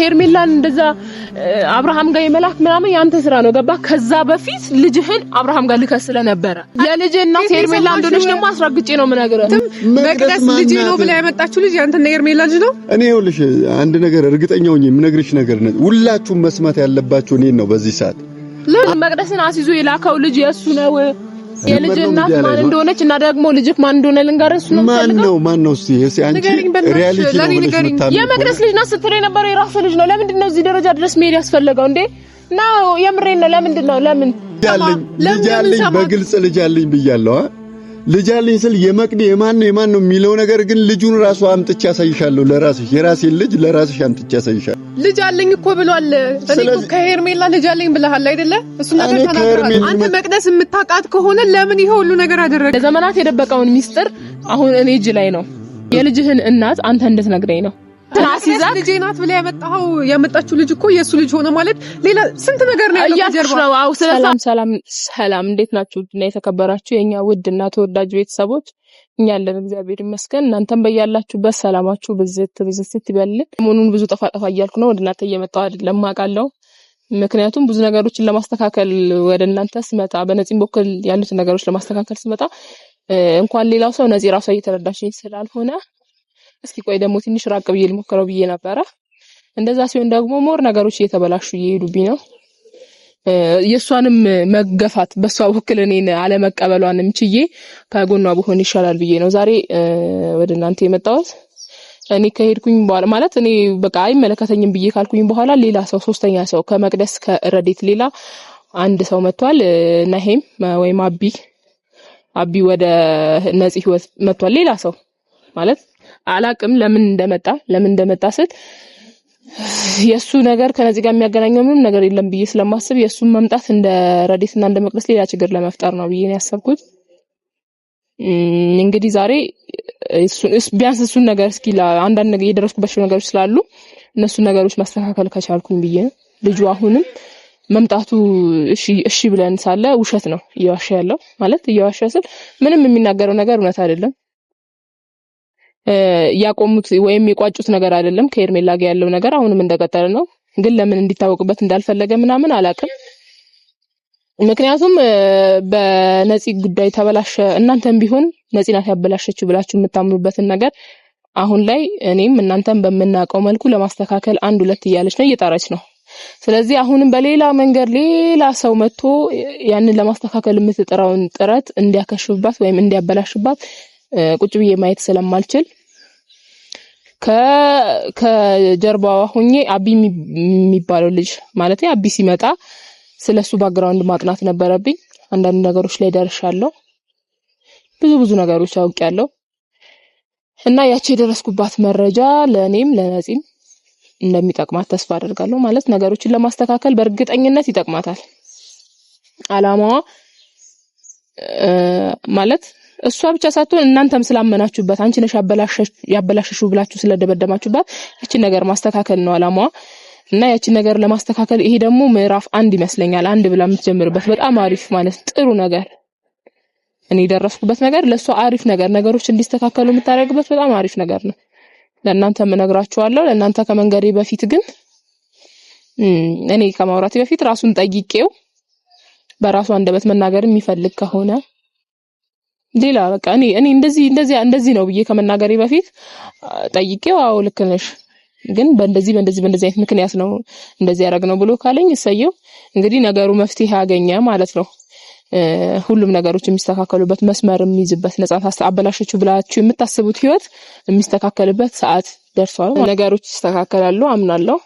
ሄርሜላን እንደዛ አብርሃም ጋር የመላክ ምናምን ያንተ ስራ ነው፣ ገባ። ከዛ በፊት ልጅህን አብርሃም ጋር ልከስ ስለነበረ የልጅ እናት ሄርሜላ እንደሆነች ደግሞ አስረግጬ ነው የምነግርህ። መቅደስ ልጅ ነው ብላ ያመጣችሁ ልጅ ያንተና ሄርሜላ ልጅ ነው። እኔ ይኸውልሽ አንድ ነገር እርግጠኛ ሆኜ የምነግርሽ ነገር ነው፣ ሁላችሁም መስማት ያለባችሁ እኔን ነው። በዚህ ሰዓት መቅደስን አስይዞ የላከው ልጅ የእሱ ነው። የልጅ እናት ማን እንደሆነች እና ደግሞ ልጅህ ማን እንደሆነ ልንገርህ። እሱ ነው ማን ነው ማን ነው? እስቲ እሺ፣ አንቺ ሪያሊቲ ነው የመቅደስ ልጅ ናት ስትለው የነበረው የራሱ ልጅ ነው። ለምንድን ነው እዚህ ደረጃ ድረስ መሄድ ያስፈለገው እንዴ? ና የምሬን ነው። ለምንድን ነው ለምን ልጅ አለኝ በግልጽ ልጅ አለኝ ብያለሁ። አ ልጅ አለኝ ስል የመቅድ የማን ነው የማን ነው የሚለው ነገር ግን ልጁን ራሱ አምጥቼ አሳይሻለሁ። ለራስሽ የራሴን ልጅ ለራስሽ አምጥቼ አሳይሻለሁ። ልጅ አለኝ እኮ ብሏል። እኔ ከሄርሜላ ልጅ አለኝ ብለሃል አይደለ? እሱ ነገር አንተ መቅደስ የምታውቃት ከሆነ ለምን ይሄ ሁሉ ነገር አደረገ? ለዘመናት የደበቀውን ሚስጥር አሁን እኔ እጅ ላይ ነው። የልጅህን እናት አንተ እንድትነግረኝ ነው ትናሲዛ ልጄ ናት ብላ ያመጣው ያመጣችው ልጅ እኮ የእሱ ልጅ ሆነ ማለት ሌላ ስንት ነገር ነው ያለው ሰላም ሰላም ሰላም፣ እንዴት ናችሁ? ና የተከበራችሁ የእኛ ውድ እና ተወዳጅ ቤተሰቦች እኛ ያለን እግዚአብሔር ይመስገን። እናንተም በያላችሁበት ሰላማችሁ ብዝት ብዝት ስትበልን መሆኑን ብዙ ጠፋ ጠፋ እያልኩ ነው ወደ እናንተ እየመጣሁ አይደለም አውቃለሁ። ምክንያቱም ብዙ ነገሮችን ለማስተካከል ወደ እናንተ ስመጣ በነፂም በኩል ያሉትን ነገሮች ለማስተካከል ስመጣ እንኳን ሌላው ሰው ነፂ ራሷ እየተረዳችኝ ስላልሆነ እስኪ ቆይ ደግሞ ትንሽ ራቅ ብዬ ልሞክረው ብዬ ነበረ። እንደዛ ሲሆን ደግሞ ሞር ነገሮች እየተበላሹ እየሄዱብኝ ነው። የእሷንም መገፋት በእሷ በኩል እኔን አለመቀበሏንም ችዬ ከጎኗ ብሆን ይሻላል ብዬ ነው ዛሬ ወደ እናንተ የመጣሁት። እኔ ከሄድኩኝ በኋላ ማለት እኔ በቃ አይመለከተኝም ብዬ ካልኩኝ በኋላ ሌላ ሰው ሶስተኛ ሰው ከመቅደስ ከረዴት ሌላ አንድ ሰው መጥቷል። ናሄም ወይም አቢ አቢ ወደ ነጽ ህይወት መጥቷል። ሌላ ሰው ማለት አላቅም ለምን እንደመጣ ለምን እንደመጣ ስል የእሱ ነገር ከነዚህ ጋር የሚያገናኘው ምንም ነገር የለም ብዬ ስለማስብ የእሱን መምጣት እንደ ረዴትና እንደ መቅደስ ሌላ ችግር ለመፍጠር ነው ብዬ ነው ያሰብኩት። እንግዲህ ዛሬ ቢያንስ እሱን ነገር እስኪ አንዳንድ የደረስኩባቸው ነገሮች ስላሉ እነሱን ነገሮች ማስተካከል ከቻልኩኝ ብዬ ነው። ልጁ አሁንም መምጣቱ እሺ ብለን ሳለ ውሸት ነው እየዋሸ ያለው ማለት እየዋሸ ስል ምንም የሚናገረው ነገር እውነት አይደለም። ያቆሙት ወይም የቋጩት ነገር አይደለም። ከኤርሜላ ጋር ያለው ነገር አሁንም እንደቀጠለ ነው። ግን ለምን እንዲታወቅበት እንዳልፈለገ ምናምን አላቅም። ምክንያቱም በነፂ ጉዳይ ተበላሸ። እናንተም ቢሆን ነፂ ናት ያበላሸችው ብላችሁ የምታምኑበትን ነገር አሁን ላይ እኔም እናንተም በምናውቀው መልኩ ለማስተካከል አንድ ሁለት እያለች ነው፣ እየጣረች ነው። ስለዚህ አሁንም በሌላ መንገድ ሌላ ሰው መጥቶ ያንን ለማስተካከል የምትጥረውን ጥረት እንዲያከሽፍባት ወይም እንዲያበላሽባት ቁጭ ብዬ ማየት ስለማልችል ከጀርባዋ ሁኜ አቢ የሚባለው ልጅ ማለት አቢ ሲመጣ ስለሱ ባክግራውንድ ማጥናት ነበረብኝ። አንዳንድ ነገሮች ላይ ደርሻለሁ። ብዙ ብዙ ነገሮች አውቄያለሁ። እና ያቺ የደረስኩባት መረጃ ለእኔም ለነፂም እንደሚጠቅማት ተስፋ አደርጋለሁ። ማለት ነገሮችን ለማስተካከል በእርግጠኝነት ይጠቅማታል። አላማዋ ማለት እሷ ብቻ ሳትሆን እናንተም ስላመናችሁበት አንቺ ነሽ ያበላሸሽው ብላችሁ ስለደበደማችሁባት ያችን ነገር ማስተካከል ነው አላማዋ እና ያችን ነገር ለማስተካከል ይሄ ደግሞ ምዕራፍ አንድ ይመስለኛል። አንድ ብላ የምትጀምርበት በጣም አሪፍ ማለት ጥሩ ነገር እኔ የደረስኩበት ነገር ለእሷ አሪፍ ነገር ነገሮች እንዲስተካከሉ የምታደርግበት በጣም አሪፍ ነገር ነው። ለእናንተ እነግራችኋለሁ። ለእናንተ ከመንገዴ በፊት ግን እኔ ከማውራቴ በፊት ራሱን ጠይቄው በራሱ አንደበት መናገር የሚፈልግ ከሆነ ሌላ በቃ እኔ እኔ እንደዚህ እንደዚህ እንደዚህ ነው ብዬ ከመናገሬ በፊት ጠይቄው አዎ ልክ ነሽ ግን በእንደዚህ በእንደዚህ በእንደዚህ አይነት ምክንያት ነው እንደዚህ ያደረግ ነው ብሎ ካለኝ እሰየው። እንግዲህ ነገሩ መፍትሄ አገኘ ማለት ነው። ሁሉም ነገሮች የሚስተካከሉበት መስመር የሚይዝበት ነጻ አበላሸችው ብላችሁ የምታስቡት ህይወት የሚስተካከልበት ሰዓት ደርሷል። ነገሮች ይስተካከላሉ አምናለሁ።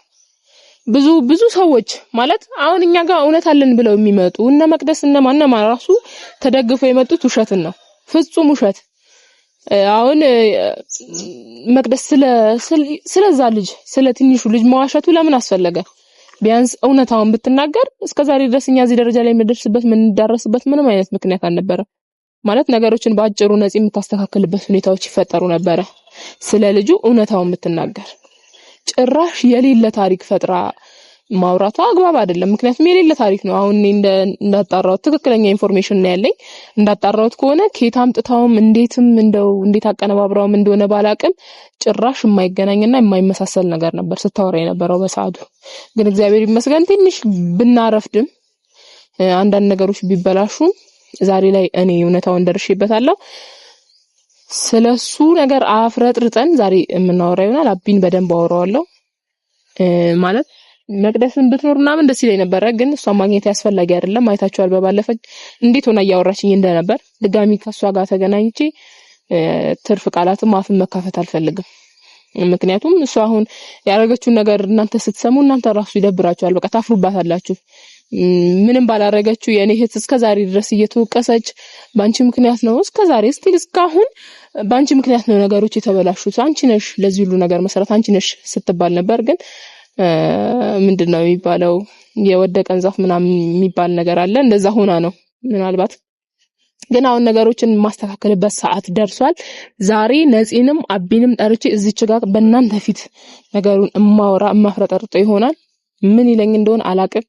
ብዙ ብዙ ሰዎች ማለት አሁን እኛ ጋር እውነት አለን ብለው የሚመጡ እነ መቅደስ እነማን እነማን ራሱ ተደግፈው የመጡት ውሸትን ነው ፍጹም ውሸት። አሁን መቅደስ ስለዛ ልጅ ስለ ትንሹ ልጅ መዋሸቱ ለምን አስፈለገ? ቢያንስ እውነታውን ብትናገር እስከ ዛሬ ድረስ እኛ እዚህ ደረጃ ላይ የምንደርስበት የምንዳረስበት ምንም አይነት ምክንያት አልነበረም። ማለት ነገሮችን በአጭሩ ነፂ የምታስተካክልበት ሁኔታዎች ይፈጠሩ ነበረ። ስለ ልጁ እውነታውን ብትናገር ጭራሽ የሌለ ታሪክ ፈጥራ ማውራቷ አግባብ አይደለም። ምክንያቱም የሌለ ታሪክ ነው። አሁን እንዳጣራሁት ትክክለኛ ኢንፎርሜሽን ነው ያለኝ። እንዳጣራሁት ከሆነ ኬት አምጥታውም እንዴትም እንደው እንዴት አቀነባብራውም እንደሆነ ባላቅም ጭራሽ የማይገናኝና የማይመሳሰል ነገር ነበር ስታወራ የነበረው በሰዓቱ። ግን እግዚአብሔር ይመስገን ትንሽ ብናረፍድም አንዳንድ ነገሮች ቢበላሹም ዛሬ ላይ እኔ እውነታውን ደርሼበታለሁ። ስለሱ ነገር አፍረጥርጠን ዛሬ የምናወራ ይሆናል። አቢን በደንብ አወራዋለሁ ማለት መቅደስን ብትኖር ምናምን ደስ ይለኝ ነበረ፣ ግን እሷ ማግኘት ያስፈላጊ አይደለም። አይታችኋል፣ በባለፈ እንዴት ሆና እያወራችኝ እንደነበር። ድጋሚ ከእሷ ጋር ተገናኝቼ ትርፍ ቃላትም አፍን መካፈት አልፈልግም። ምክንያቱም እሷ አሁን ያደረገችውን ነገር እናንተ ስትሰሙ እናንተ ራሱ ይደብራችኋል። በቃ ታፍሩባታላችሁ። ምንም ባላረገችው የእኔ እህት ዛሬ ድረስ እየተወቀሰች በአንቺ ምክንያት ነው። ዛሬ ስቲል እስካሁን በአንቺ ምክንያት ነው ነገሮች የተበላሹት። አንቺ ነሽ ለዚህ ሁሉ ነገር መሰረት አንቺ ነሽ ስትባል ነበር ግን ምንድን ነው የሚባለው የወደቀን ዛፍ ምናምን የሚባል ነገር አለ። እንደዛ ሆና ነው ምናልባት ግን አሁን ነገሮችን የማስተካከልበት ሰዓት ደርሷል። ዛሬ ነፂንም አቢንም ጠርቼ እዚች ጋር በእናንተ ፊት ነገሩን እማወራ እማፍረጠርጦ ይሆናል። ምን ይለኝ እንደሆን አላቅም።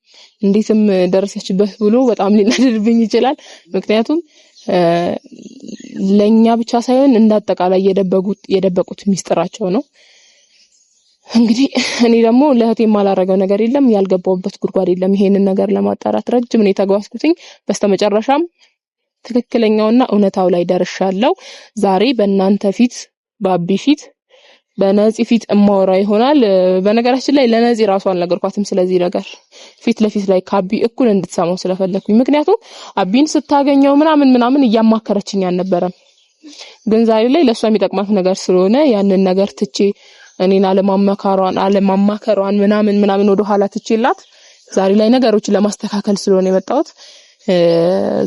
እንዴትም ደረሰችበት ብሎ በጣም ሊናደድብኝ ይችላል። ምክንያቱም ለእኛ ብቻ ሳይሆን እንዳጠቃላይ የደበቁት ሚስጥራቸው ነው። እንግዲህ እኔ ደግሞ ለእህቴ የማላረገው ነገር የለም፣ ያልገባውበት ጉድጓድ የለም። ይሄንን ነገር ለማጣራት ረጅም ነው የተጓዝኩትኝ። በስተመጨረሻም ትክክለኛውና እውነታው ላይ ደርሻለሁ። ዛሬ በእናንተ ፊት፣ በአቢ ፊት፣ በነፂ ፊት እማወራ ይሆናል። በነገራችን ላይ ለነፂ ራሱ አልነገርኳትም ስለዚህ ነገር ፊት ለፊት ላይ ከአቢ እኩል እንድትሰማው ስለፈለግኩኝ። ምክንያቱም አቢን ስታገኘው ምናምን ምናምን እያማከረችኝ አልነበረም፣ ግን ዛሬ ላይ ለእሷ የሚጠቅማት ነገር ስለሆነ ያንን ነገር ትቼ እኔን አለማማከሯን አለማማከሯን ምናምን ምናምን ወደ ኋላ ዛሬ ላይ ነገሮችን ለማስተካከል ስለሆነ የመጣሁት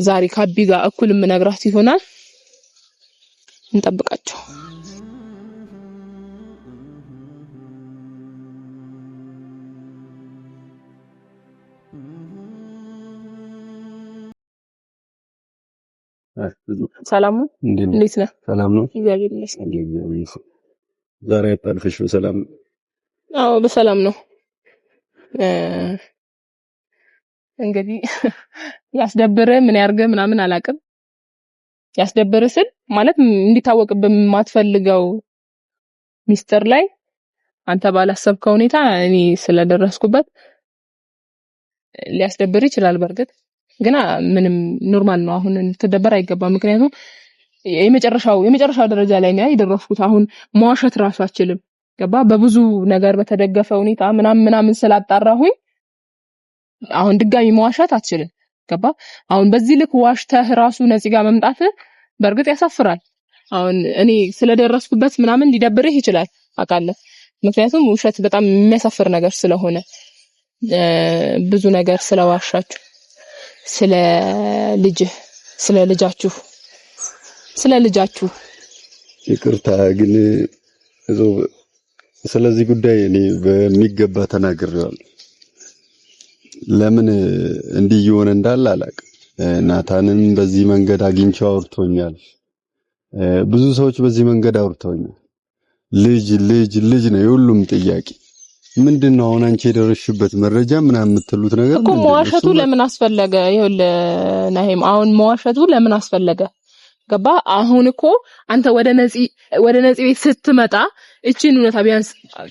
ዛሬ ካቢ ጋር እኩል የምነግራት ይሆናል። እንጠብቃቸው። ሰላሙ እንዴት ነህ? ሰላም ነው። እግዚአብሔር ይመስገን። ዛሬ አጣልፈሽ በሰላም አዎ፣ በሰላም ነው። እንግዲህ ያስደብረ ምን ያርገ ምናምን አላቅም። ያስደብረ ስል ማለት እንዲታወቅ በማትፈልገው ሚስጥር ላይ አንተ ባላሰብከው ሁኔታ እኔ ስለደረስኩበት ሊያስደብር ይችላል። በእርግጥ ግን ምንም ኖርማል ነው። አሁን ልትደበር አይገባም። ምክንያቱም የመጨረሻው የመጨረሻው ደረጃ ላይ ነው የደረስኩት። አሁን መዋሸት ራሱ አችልም። ገባ በብዙ ነገር በተደገፈ ሁኔታ ምናምን ምናምን ስላጣራሁኝ አሁን ድጋሚ መዋሸት አትችልም። ገባ አሁን በዚህ ልክ ዋሽተህ ራሱ ነፂ ጋር መምጣት በእርግጥ ያሳፍራል። አሁን እኔ ስለደረስኩበት ምናምን ሊደብርህ ይችላል አውቃለሁ። ምክንያቱም ውሸት በጣም የሚያሳፍር ነገር ስለሆነ ብዙ ነገር ስለዋሻችሁ፣ ስለ ልጅህ፣ ስለ ልጃችሁ ስለ ልጃችሁ ይቅርታ ግን ስለዚህ ጉዳይ እኔ በሚገባ ተናግሬዋለሁ። ለምን እንዲህ እየሆነ እንዳለ አላውቅም። ናታንም በዚህ መንገድ አግኝቼው አውርቶኛል። ብዙ ሰዎች በዚህ መንገድ አውርተውኛል። ልጅ ልጅ ልጅ ነው የሁሉም ጥያቄ። ምንድን ነው አሁን አንቺ የደረስሽበት መረጃ ምናምን የምትሉት ነገር እኮ መዋሸቱ ለምን አስፈለገ? ይኸውልህ ናሂም አሁን መዋሸቱ ለምን አስፈለገ? ገባ። አሁን እኮ አንተ ወደ ነፂ ቤት ስትመጣ እቺን እውነታ ቢያንስ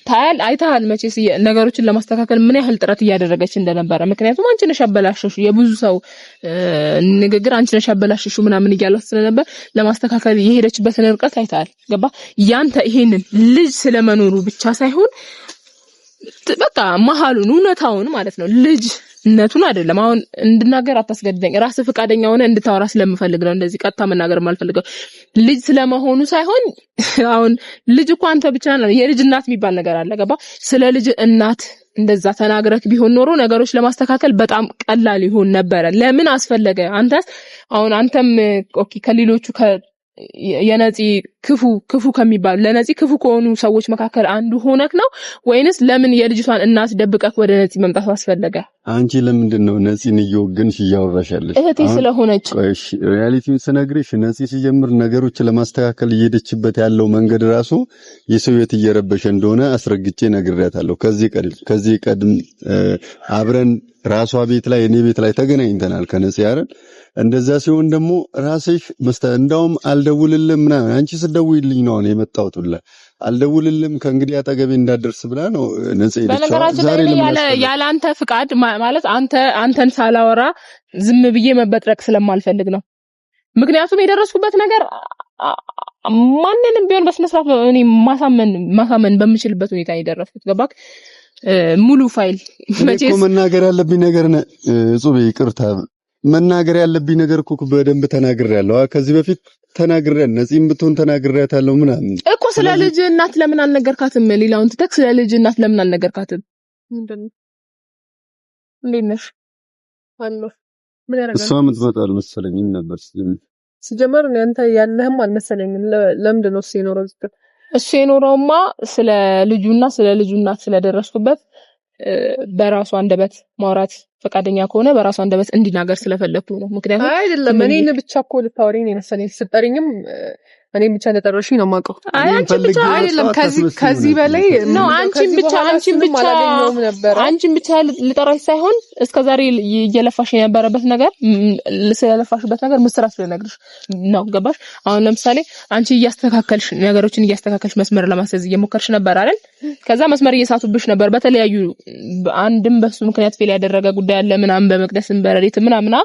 ታያል አይተሃል። መቼስ ነገሮችን ለማስተካከል ምን ያህል ጥረት እያደረገች እንደነበረ ምክንያቱም አንቺ ነሽ የብዙ ሰው ንግግር አንቺ ነሽ ምናምን እያሏት ስለነበር ለማስተካከል የሄደችበትን ርቀት አይተሃል። ገባ። ያንተ ይሄንን ልጅ ስለመኖሩ ብቻ ሳይሆን በቃ መሀሉን እውነታውን ማለት ነው ልጅ ነቱን አይደለም አሁን እንድናገር አታስገድደኝ። ራስ ፈቃደኛ ሆነ እንድታወራ ስለምፈልግ ነው እንደዚህ ቀጥታ መናገር የማልፈልገው ልጅ ስለመሆኑ ሳይሆን፣ አሁን ልጅ እኮ አንተ ብቻ ነው የልጅ እናት የሚባል ነገር አለ። ገባ? ስለ ልጅ እናት እንደዛ ተናግረክ ቢሆን ኖሮ ነገሮች ለማስተካከል በጣም ቀላል ይሆን ነበረ። ለምን አስፈለገ? አንተስ አሁን አንተም ኦኬ ከሌሎቹ የነፂ ክፉ ክፉ ከሚባሉ ለነፂ ክፉ ከሆኑ ሰዎች መካከል አንዱ ሆነክ ነው ወይንስ ለምን የልጅቷን እናት ደብቀክ ወደ ነፂ መምጣት አስፈለገ? አንቺ ለምንድን ነው ነፂን እየወገንሽ እያወራሻለሽ? እህቴ ስለሆነች ሪያሊቲውን ስነግርሽ ነፂ ሲጀምር ነገሮች ለማስተካከል እየሄደችበት ያለው መንገድ ራሱ የሰው ቤት እየረበሸ እንደሆነ አስረግጬ ነግሬያታለሁ። ከዚህ ቀድም ከዚህ ቀድም አብረን ራሷ ቤት ላይ እኔ ቤት ላይ ተገናኝተናል ከነጽ ያረን። እንደዛ ሲሆን ደግሞ ራስሽ መስተ እንዳውም አልደውልልም ምናምን አንቺ ስደውልኝ ነው እኔ የመጣሁት ብላ አልደውልልም ከእንግዲህ አጠገቤ እንዳደርስ ብላ ነው ነጽ ያለ አንተ ፍቃድ ማለት አንተ አንተን ሳላወራ ዝም ብዬ መበጥረቅ ስለማልፈልግ ነው። ምክንያቱም የደረስኩበት ነገር ማንንም ቢሆን በስነስርዓት ማሳመን ማሳመን በምችልበት ሁኔታ የደረስኩት ገባክ። ሙሉ ፋይል መቼስ መናገር ያለብኝ ነገር ነ እጹብ ይቅርታ፣ መናገር ያለብኝ ነገር እኮ በደንብ ተናግሬያለሁ። ከዚህ በፊት ተናግሬያለሁ። ነፂም ብትሆን ተናግሬያታለሁ ምናምን እኮ። ስለ ልጅ እናት ለምን አልነገርካትም? ሌላውን ትተክ ስለ ልጅ እናት ለምን አልነገርካትም? እንዴት ነሽ? እሷ የምትመጣ አልመሰለኝም ነበር። ሲጀመር ያንተ ያለህም አልመሰለኝም። ለምንድን ነው ሲኖረው እሱ የኖረውማ ስለ ልጁና ስለ ልጁ እናት ስለደረስኩበት በራሱ አንደበት ማውራት ፈቃደኛ ከሆነ በራሱ አንደበት እንዲናገር ስለፈለግኩ ነው። ምክንያቱም አይደለም እኔን ብቻ እኮ ልታወሪኝ የመሰለኝ ስጠሪኝም እኔም ብቻ እንደጠረሽኝ ነው የማውቀው። አይደለም ከዚህ በላይ ነው። አንቺን ብቻ አንቺን ብቻ አንቺን ብቻ ልጠራሽ ሳይሆን እስከዛሬ እየለፋሽ የነበረበት ነገር ስለለፋሽበት ነገር ምስራት ስለነግርሽ ነው። ገባሽ? አሁን ለምሳሌ አንቺ እያስተካከልሽ ነገሮችን እያስተካከልሽ መስመር ለማስያዝ እየሞከርሽ ነበር አይደል? ከዛ መስመር እየሳቱብሽ ነበር በተለያዩ አንድም በሱ ምክንያት ፌል ያደረገ ጉዳይ አለ ምናምን በመቅደስም በረዴት ምናምና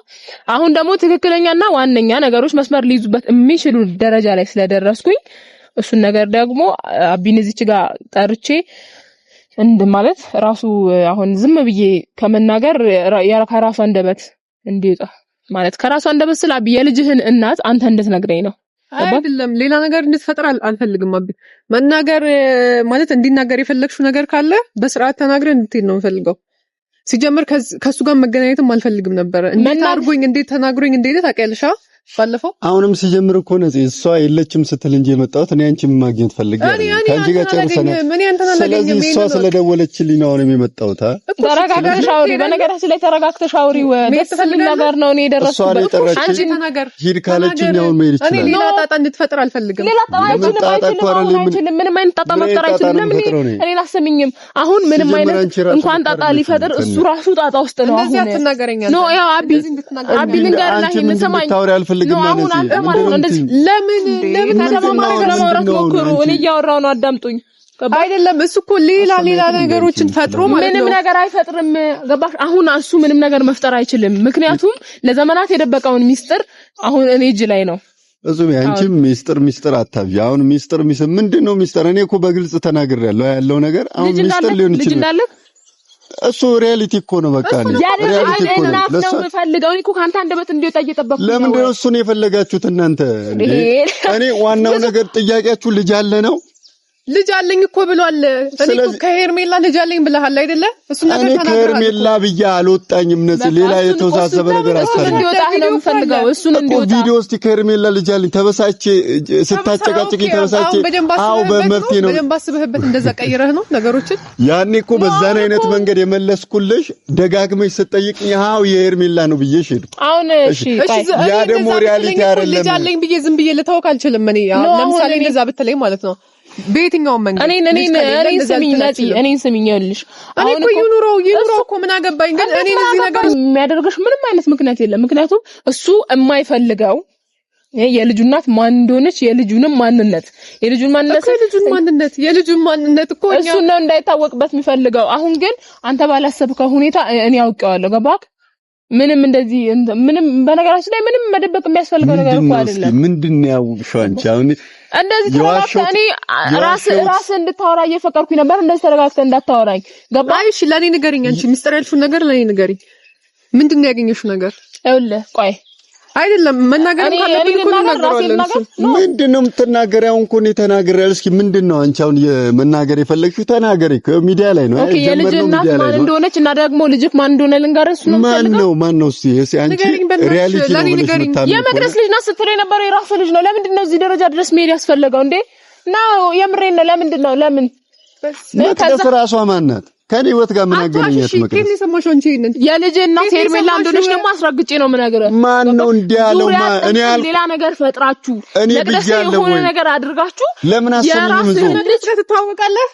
አሁን ደግሞ ትክክለኛና ዋነኛ ነገሮች መስመር ሊይዙበት የሚችሉ ደረጃ ላይ ስለደረስኩኝ እሱን ነገር ደግሞ አቢን እዚች ጋር ጠርቼ እንድ ማለት ራሱ አሁን ዝም ብዬ ከመናገር ከራሱ አንደበት እንዲወጣ ማለት ከራሱ አንደበት ስለ አቢ የልጅህን እናት አንተ እንድትነግረኝ ነው። አይደለም ሌላ ነገር እንድትፈጥር አልፈልግም። አቢ መናገር ማለት እንዲናገር የፈለግሽው ነገር ካለ በስርዓት ተናግረ እንድትሄድ ነው የምፈልገው። ሲጀምር ከሱ ጋር መገናኘትም አልፈልግም ነበረ። እንዴት አርጎኝ እንዴት ተናግሮኝ እንዴት ታውቂያለሽ ባለፈው አሁንም ሲጀምር እኮ ነው እሷ የለችም ስትል እንጂ የመጣሁት እኔ አንቺ ማግኘት ፈልጌ ከአንቺ ጋር ጨርሰናል። ስለዚህ እሷ ስለደወለችልኝ ነው አሁንም የመጣሁት። ተረጋግተሽ አውሪ፣ በነገራችን ላይ ተረጋግተሽ አውሪ። ደስ የሚል ነገር ነው። እኔ የደረስኩበት ሂድ ካለችኝ አሁን መሄድ ይችላል። ሌላ ጣጣ እንድትፈጥር አልፈልግም። ሌላ ጣጣ አይችልም። ምንም አይነት ጣጣ መፍጠር አይችልም። ለምን አሁን ምንም አይነት እንኳን ጣጣ ሊፈጥር እሱ ራሱ ጣጣ ውስጥ ነው። አሁን ነው ያው አቢ አቢ ልንገርና ሰማኝ አልፈልግም። ነው አዳምጡኝ። አይደለም እሱ እኮ ሌላ ሌላ ነገሮችን ፈጥሮ ማለት ነው። ምንም ነገር አይፈጥርም። ገባሽ? አሁን እሱ ምንም ነገር መፍጠር አይችልም። ምክንያቱም ለዘመናት የደበቀውን ሚስጥር አሁን እኔ እጅ ላይ ነው። እሱም አንቺም ሚስጥር ሚስጥር አታብዢ። አሁን ሚስጥር ምንድን ነው ሚስጥር? እኔ እኮ በግልጽ ተናግሬያለሁ ያለው ነገር አሁን ሚስጥር ሊሆን ይችላል ልጅ እንዳለህ እሱ ሪያሊቲ እኮ ነው። በቃ ሪያሊቲ እኮ ነው የምፈልገው። እኔ እኮ ከአንተ አንደበት እንዲወጣ እየጠበኩ ለምንድን ነው እሱን የፈለጋችሁት እናንተ? እኔ ዋናው ነገር ጥያቄያችሁ ልጅ አለ ነው ልጅ አለኝ እኮ ብሏል። እኔ ከሄርሜላ ልጅ አለኝ ብለሃል አይደለ? እሱ ነገር ከሄርሜላ ብዬ አልወጣኝም። ነፂ፣ ሌላ የተወሳሰበ ነገር አስተላልፍ። እንዲወጣ ቪዲዮ ውስጥ ከሄርሜላ ልጅ አለኝ ተበሳቼ፣ ስታጨቃጭቅ ተበሳቼ። አዎ በመብቴ ነው። በደንብ አስበህበት እንደዛ ቀይረህ ነው ነገሮችን። ያኔ እኮ በዛን አይነት መንገድ የመለስኩልሽ ደጋግመሽ ስጠይቅኝ፣ አዎ የሄርሜላ ነው ብዬ ሄድኩ። አሁን ያ ደግሞ ሪያሊቲ አይደለም። ልጅ አለኝ ብዬ ዝም ብዬ ልታወቅ አልችልም። እኔ ለምሳሌ እንደዛ ብትለኝ ማለት ነው በየትኛውም መንገድ እኔን እኔን እኔን ስሚኝ ነፂ፣ እኔን ስሚኝ ይኸውልሽ፣ እኔ እኮ ይኑረው ይኑረው እኮ ምን አገባኝ። ግን እኔን እዚህ ነገር የሚያደርገሽ ምንም አይነት ምክንያት የለም። ምክንያቱም እሱ የማይፈልገው የልጁ እናት ማን እንደሆነች የልጁንም ማንነት የልጁን ማንነት የልጁን ማንነት የልጁን ማንነት እኮ እሱ ነው እንዳይታወቅበት የሚፈልገው። አሁን ግን አንተ ባላሰብከው ሁኔታ እኔ አውቄዋለሁ። ገባክ? ምንም እንደዚህ ምንም በነገራችን ላይ ምንም መደበቅ የሚያስፈልገው ነገር እኮ አይደለም። ምንድን ነው ያውቅሽው አንቺ አሁን እንደዚህ ተረጋግተህ እኔ ራስ ራስህ እንድታወራ እየፈቀድኩኝ ነበር። እንደዚህ ተረጋግተህ እንዳታወራኝ ገባህ? እሺ፣ ለእኔ ንገሪኝ። አንቺ ሚስጥር ያልሽውን ነገር ለእኔ ንገሪኝ። ምንድን ነው ያገኘሽው ነገር? ይኸውልህ ቆይ አይደለም መናገር ምንድን ነው የምትናገሪ? አሁን እኮ እኔ ተናገር ያለ እስኪ ምንድን ነው አንቺ አሁን መናገር የፈለግሽው? ተናገሪ። ሚዲያ ላይ ነው የልጅ እናት ማን እንደሆነች እና ደግሞ ልጅክ ማን እንደሆነ ልንገርሽ ነው። ማን ነው ማን ነው? እስኪ አንቺ ሪያሊቲ ነው የመቅደስ ልጅ ናት ስትለው የነበረው የራሱ ልጅ ነው። ለምንድን ነው እዚህ ደረጃ ድረስ መሄድ ያስፈለገው እንዴ? እና የምሬን ነው። ለምንድን ነው ለምን መቅደስ ራሷ ማን ናት? ከኔ ህይወት ጋር ምን አገናኘት? መቅደስ የሰማሽው አንቺ ይሄንን የልጅ እናት ሄርሜላ እንደሆነች ደግሞ አስረግጬ ነው የምነግርህ። ማን ነው እንዲህ ያለው? እኔ ያል ሌላ ነገር ፈጥራችሁ እኔ ብያለሁ ወይ ነገር አድርጋችሁ ለምን አሰምኝ? ምን ትታወቃለህ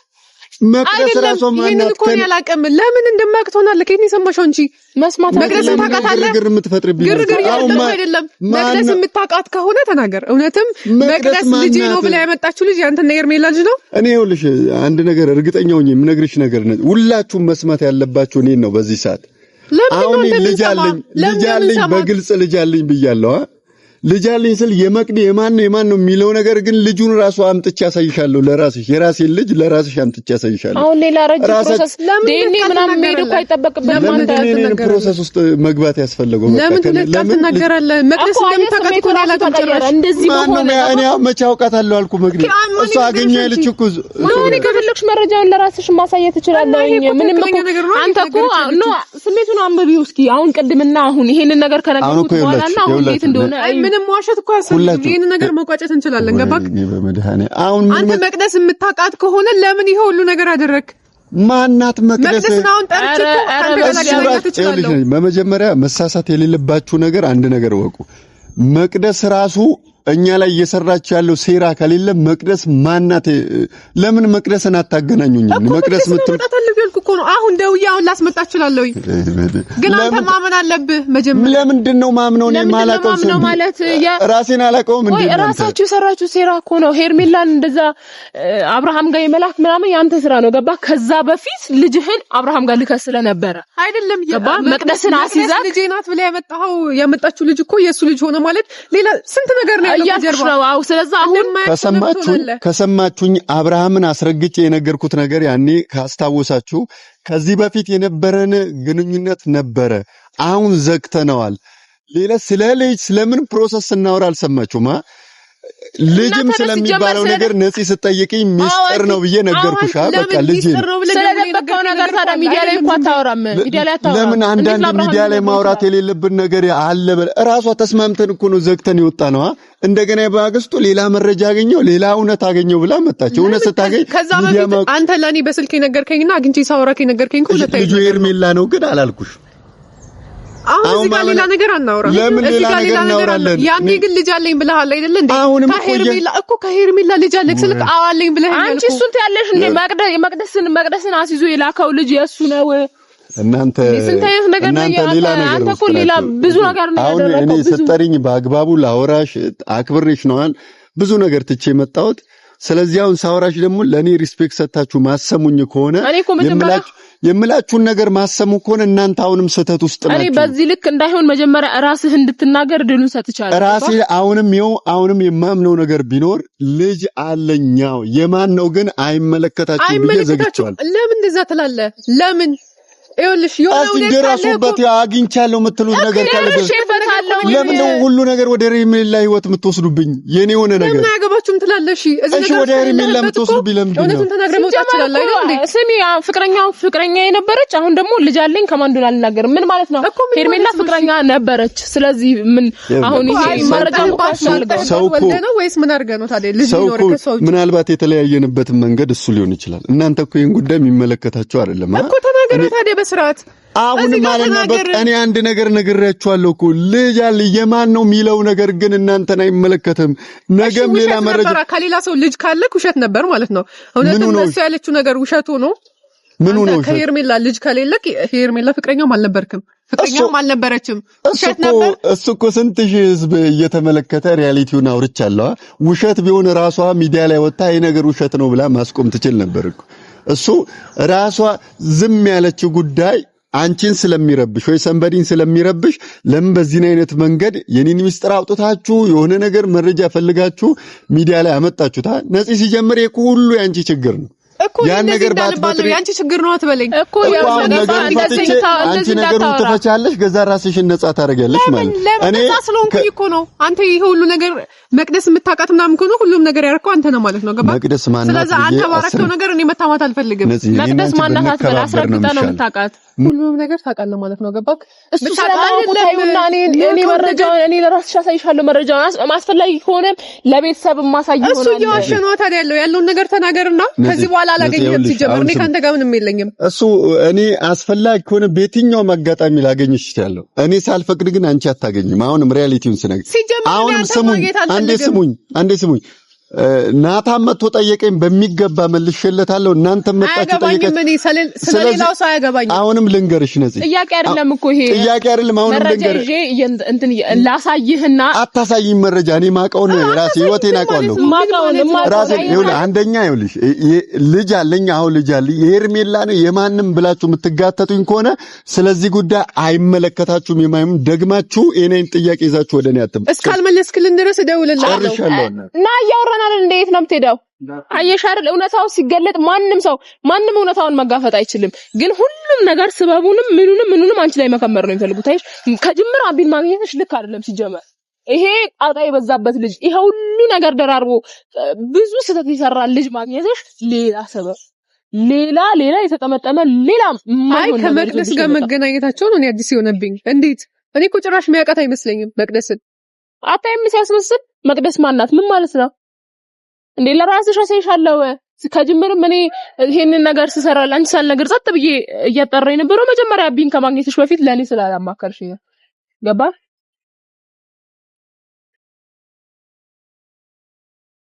መቅደስ ራሷ ማናት? ከኔ አላቀም። ለምን እንደማያውቅ ትሆናለህ? ከኔ የሰማሽው እንጂ መስማት መቅደስን ታውቃታለህ። ግርግር የምትፈጥርብኝ ግርግር ያለው አይደለም። መቅደስ የምታውቃት ከሆነ ተናገር። እውነትም መቅደስ ልጅ ነው ብላ ያመጣችው ልጅ አንተና የርሜላ ልጅ ነው። እኔ ይኸውልሽ አንድ ነገር እርግጠኛ ሆኜ የምነግርሽ ነገር ነው። ሁላችሁም መስማት ያለባችሁ እኔን ነው በዚህ ሰዓት። አሁን ልጅ አለኝ፣ ልጅ አለኝ፣ በግልጽ ልጅ አለኝ ብያለሁ። ልጅ አለኝ ስል የመቅድ የማን ነው የማን ነው የሚለው ነገር ግን ልጁን ራሱ አምጥቼ አሳይሻለሁ። ለራስሽ የራሴን ልጅ ለራስሽ አምጥቼ አሳይሻለሁ። አሁን ሌላ ረጅም ፕሮሰስ ለምን ምናምን መሄድ እኮ አይጠበቅብህም። አንተ ፕሮሰስ ውስጥ መግባት ያስፈለገው? ለምን ትናገራለህ? መቅደስ እንደምታውቃት እኮ አላውቅም። ጭራሽ እንደዚህ መሆን እኔ መቼ አውቃታለሁ አልኩ። መቅዲ እሱ አገኘ ልጅ እኮ አሁን ከፈለግሽ መረጃውን ለራስሽ ማሳየት ትችላለህ። ምንም እኮ አንተ እኮ ስሜቱን አንብቢው እስኪ። አሁን ቅድምና አሁን ይሄንን ነገር ከነገርኩት በኋላ አሁን እንዴት እንደሆነ ምንም ዋሸት እኮ ያሰብኩት ይህን ነገር መቋጨት እንችላለን። ገባክ? አንተ መቅደስ የምታውቃት ከሆነ ለምን ይሄ ሁሉ ነገር አደረግ? ማናት መቅደስ? በመጀመሪያ መሳሳት የሌለባችሁ ነገር አንድ ነገር እወቁ። መቅደስ ራሱ እኛ ላይ እየሰራችሁ ያለው ሴራ ከሌለ መቅደስ ማናት? ለምን መቅደስን አታገናኙኝ? መቅደስ ምትል አሁን ደውዬ አሁን ላስመጣ እችላለሁ፣ ግን አንተ ማመን አለብህ። መጀመሪያ ለምንድን ነው ማምነው? እኔ ማለት ራሴን እንዴ ራሳችሁ የሰራችሁ ሴራ እኮ ነው። ሄርሜላን እንደዛ አብርሃም ጋር የመላክ ምናምን የአንተ ስራ ነው። ገባ? ከዛ በፊት ልጅህን አብርሃም ጋር ስለነበረ አይደለም። ገባ? መቅደስን አስይዛት ልጄ ናት ያመጣኸው ያመጣችሁ ልጅ እኮ የእሱ ልጅ ሆነ ማለት ሌላ ስንት ነገር ነው እያልኩሽ ነው። አሁን ከሰማችሁኝ ከሰማችሁኝ አብርሃምን አስረግጬ የነገርኩት ነገር ያኔ ካስታወሳችሁ ከዚህ በፊት የነበረን ግንኙነት ነበረ። አሁን ዘግተነዋል። ሌላ ስለ ልጅ ስለምን ፕሮሰስ ስናወራ አልሰማችሁማ። ልጅም ስለሚባለው ነገር ነፂ ስጠይቅኝ ሚስጥር ነው ብዬ ነገርኩሽ። በቃ ልጅ ስለደበቀው ነገር ታዲያ ሚዲያ ላይ እኮ አታወራም። ለምን አንዳንድ ሚዲያ ላይ ማውራት የሌለብን ነገር አለ። እራሷ ተስማምተን እኮ ነው ዘግተን የወጣ ነዋ። እንደገና በአገስቱ ሌላ መረጃ አገኘው፣ ሌላ እውነት አገኘው ብላ መጣች። እውነት ስታገኝ ከዛ በፊት አንተ ለእኔ በስልክ የነገርከኝና አግኝቼ ሳወራክ የነገርከኝ ልጁ ኤርሜላ ነው ግን አላልኩሽ አሁን እዚህ ጋር ሌላ ነገር አናወራም። ለምን ሌላ ነገር እናወራለን? ያኔ ግን ልጅ አለኝ ብለሃል አይደለ እንዴ? ከሄርሜላ እኮ ከሄርሜላ ልጅ አለኝ ስልክ አዋለኝ ብለህ አንቺ እሱን ትያለሽ እንዴ? መቅደስን መቅደስን አስይዞ የላከው ልጅ የእሱ ነው። እናንተ እናንተ ሌላ ነገር አንተ እኮ ሌላ ብዙ ነገር ነው። አሁን እኔ ስጠሪኝ በአግባቡ ላወራሽ አክብሬሽ ነዋል ብዙ ነገር ትቼ መጣሁት። ስለዚህ አሁን ሳወራሽ ደግሞ ለእኔ ሪስፔክት ሰታችሁ ማሰሙኝ ከሆነ የምላችሁ የምላችሁን ነገር ማሰሙ ከሆነ እናንተ አሁንም ስህተት ውስጥ ናችሁ። በዚህ ልክ እንዳይሆን መጀመሪያ ራስህ እንድትናገር ድሉን ሰጥቻለሁ። ራሴ አሁንም ይኸው አሁንም የማምነው ነገር ቢኖር ልጅ አለኛው የማን ነው ግን አይመለከታችሁ ብዬ ዘግቼዋለሁ። ለምን እንደዛ ትላለህ? ለምን ይኸውልሽ የሆነ እንደራሱበት አግኝቻለሁ የምትሉት ነገር ካለ ለምን ሁሉ ነገር ወደ ሄርሜላ ህይወት የምትወስዱብኝ? የኔ የሆነ ነገር ለምን አያገባችሁም ትላለሽ? እሺ ወደ ሄርሜላ የምትወስዱብኝ ለምንድን ስሚ ፍቅረኛ ፍቅረኛ የነበረች አሁን ደግሞ ልጅ አለኝ ከማን አልናገርም። ምን ማለት ነው? ሄርሜላ ፍቅረኛ ነበረች። ስለዚህ ምን አሁን ይሄ መረጃ ሰው ነው ወይስ ምን አድርገህ ነው ታዲያ ልጅ ይኖር ከሰው ምናልባት የተለያየንበትን መንገድ እሱ ሊሆን ይችላል። እናንተ እኮ ይሄን ጉዳይ የሚመለከታቸው አይደለም እኮ ተናገረው ታዲያ በስርዓት አሁን ማለና አለናበት። እኔ አንድ ነገር ነግሬያችኋለሁ እኮ ልጅ አለ የማን ነው የሚለው ነገር ግን እናንተን አይመለከትም። ነገም ሌላ መረጃ ከሌላ ሰው ልጅ ካለ ውሸት ነበር ማለት ነው። እውነትም እሱ ያለችው ነገር ውሸቱ ነው። ምኑ ነው ከሄርሜላ ልጅ ከሌለ ሄርሜላ ፍቅረኛውም አልነበርክም፣ ፍቅረኛውም አልነበረችም። ውሸት ነበር እሱ እኮ ስንት ሺህ ህዝብ እየተመለከተ ሪያሊቲውን አውርቻለሁ። ውሸት ቢሆን ራሷ ሚዲያ ላይ ወጣ ይሄ ነገር ውሸት ነው ብላ ማስቆም ትችል ነበር እኮ እሱ ራሷ ዝም ያለችው ጉዳይ አንቺን ስለሚረብሽ ወይ ሰንበዲን ስለሚረብሽ ለምን በዚህን አይነት መንገድ የኔን ሚስጥር አውጥታችሁ የሆነ ነገር መረጃ ፈልጋችሁ ሚዲያ ላይ አመጣችሁታ ነፂ ሲጀምር ሁሉ የአንቺ ችግር ነው ያን ነገር ባትበጥሪ አንቺ ችግር ነው አትበለኝ እኮ ያን ነገር እንደዚህ አንቺ ነገር ትፈቻለሽ፣ ገዛ ራስሽን ነጻ ታደርጊያለሽ ማለት እኔ ነጻ ስለሆንኩኝ እኮ ነው። አንተ ይሄ ሁሉ ነገር መቅደስ የምታውቃት ምናምን እኮ ነው ሁሉም ነገር ያደረከው አንተ ነው ማለት ነው። ገባ መቅደስ ማናት? ስለዚህ አንተ ባረከው ነገር እኔ መታማት አልፈልግም። መቅደስ ማናት አትበል፣ አስረግጠህ ነው የምታውቃት። ሁሉም ነገር ታውቃለህ ማለት ነው። ገባክ? እሱ ስለማይለውና እኔ እኔ መረጃውን እኔ ለራስሽ አሳይሻለሁ። መረጃውን አስፈላጊ ከሆነ ለቤተሰብ ማሳይ ይሆናል። እሱ እየዋሸ ነው ታዲያ ያለው ያለውን ነገር ተናገርና ከዚህ በኋላ በኋላ አላገኘም። ሲጀመር እኔ ከአንተ ጋር ምንም የለኝም። እሱ እኔ አስፈላጊ ከሆነ በየትኛውም አጋጣሚ ላገኝሽ እችላለሁ። እኔ ሳልፈቅድ ግን አንቺ አታገኝም። አሁንም ሪያሊቲውን ስነግር፣ አሁንም ስሙኝ፣ አንዴ ስሙኝ፣ አንዴ ስሙኝ ናታ መጥቶ ጠየቀኝ፣ በሚገባ መልሼለታለሁ። እናንተ መጣችሁ ጠየቀኝ። ስለሌላው ሰው አያገባኝም። አሁንም ልንገርሽ ነዚህ ጥያቄ አይደለም እኮ ይሄ ጥያቄ አይደለም። አሁንም ልንገርሽ እንትን ላሳይህና አታሳይኝ መረጃ እኔ ማቀውን ራሴ ህይወቴን አቀዋለሁ ራሴ ይኸውልህ፣ አንደኛ ይኸውልሽ ልጅ አለኝ። አሁን ልጅ አለኝ የሄርሜላ ነው የማንም ብላችሁ የምትጋተቱኝ ከሆነ ስለዚህ ጉዳይ አይመለከታችሁም። የማይም ደግማችሁ የእኔን ጥያቄ ይዛችሁ ወደ እኔ አትም እስካልመለስክልን ድረስ እደውልልሃለሁ እና እያወራን አይተናል። እንዴት ነው የምትሄደው? አየሽ አይደል? እውነታው ሲገለጥ ማንም ሰው ማንም እውነታውን መጋፈጥ አይችልም። ግን ሁሉም ነገር ስበቡንም፣ ምኑንም ምኑንም አንቺ ላይ መከመር ነው የሚፈልጉት። አየሽ ከጅምር አቢን ማግኘትሽ ልክ አይደለም ሲጀመር ይሄ ጣጣ የበዛበት ልጅ ይሄ ሁሉ ነገር ደራርቦ ብዙ ስህተት የሰራ ልጅ ማግኘትሽ ሌላ ሰበብ ሌላ ሌላ የተጠመጠመ ሌላ አይ ከመቅደስ ጋር መገናኘታቸው ነው እኔ አዲስ የሆነብኝ። እንዴት እኔ እኮ ጭራሽ ሚያውቃት አይመስለኝም መቅደስን። አታይም ሲያስመስል መቅደስ ማናት? ምን ማለት ነው? እንዴ ለራስሽ አሳይሻለሁ። ከጅምርም እኔ ይሄንን ነገር ስሰራል አንቺ ሳልነግር ጸጥ ብዬ እያጠራ የነበረው መጀመሪያ ቢን ከማግኘትሽ በፊት ለእኔ ስላላማከርሽ ገባ